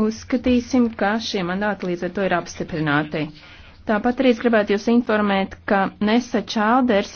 Uzskatīsim, ka šie mandāti līdz ar to ir apstiprināti. Tāpat arī es gribētu jūs informēt, ka Nesa Čālders